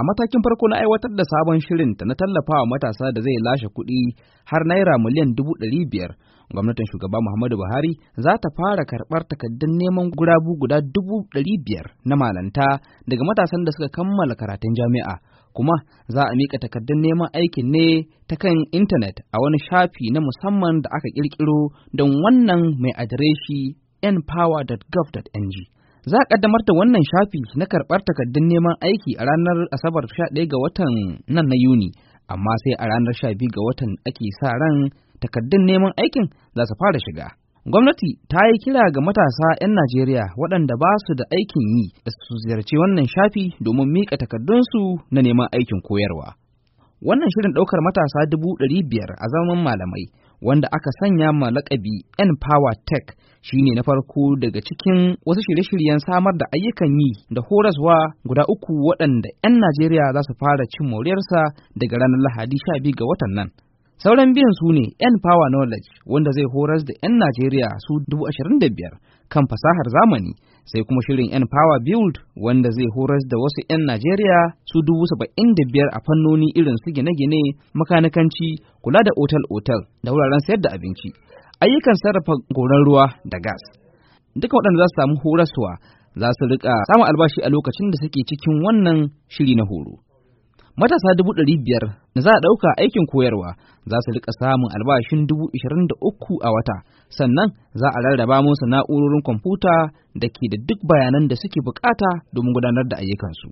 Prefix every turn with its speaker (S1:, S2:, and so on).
S1: A matakin farko na aiwatar da sabon shirinta na tallafawa matasa da zai lashe kuɗi har naira miliyan dubu ɗari biyar, gwamnatin shugaba Muhammadu Buhari za ta fara karɓar takardun neman gurabu guda dubu ɗari biyar na malanta daga matasan da suka kammala karatun jami'a. Kuma za a mika takardun neman aikin ne ta kan intanet a wani shafi na musamman da aka ƙirƙiro don wannan mai adireshi npower.gov.ng. Za a kaddamar da wannan shafi na karɓar takardun neman aiki a ranar Asabar 11 ga watan nan na Yuni, amma sai a ranar 12 ga watan ake sa ran takardun neman aikin za su fara shiga. Gwamnati ta yi kira ga matasa 'yan Najeriya waɗanda ba su da aikin yi da su ziyarci wannan shafi domin miƙa takardunsu na neman aikin koyarwa. Wannan shirin ɗaukar matasa dubu ɗari biyar a zaman malamai wanda aka sanya ma lakabi N Power Tech shine na farko daga cikin wasu shirye-shiryen samar da ayyukan yi da horaswa guda uku waɗanda 'yan Najeriya za su fara cin moriyarsa daga ranar Lahadi 12 ga watan nan. Sauran biyan su ne ‘yan Power Knowledge wanda zai horas da ‘yan Najeriya su dubu kan fasahar zamani sai kuma shirin ‘yan Power Build wanda zai horas da wasu ‘yan Najeriya su dubu a fannoni irin su gine-gine, makanikanci, kula da otal-otal da wuraren sayar da abinci, ayyukan sarrafa goran ruwa da gas. Duka waɗanda za su samu horaswa za su riƙa samun albashi a lokacin da suke cikin wannan shiri na horo. Matasa dubu ɗari biyar da za a ɗauka aikin koyarwa za su rika samun albashin dubu ishirin da uku a wata sannan za a rarraba musu na'urorin kwamfuta da ke da duk bayanan da suke bukata domin gudanar da ayyukansu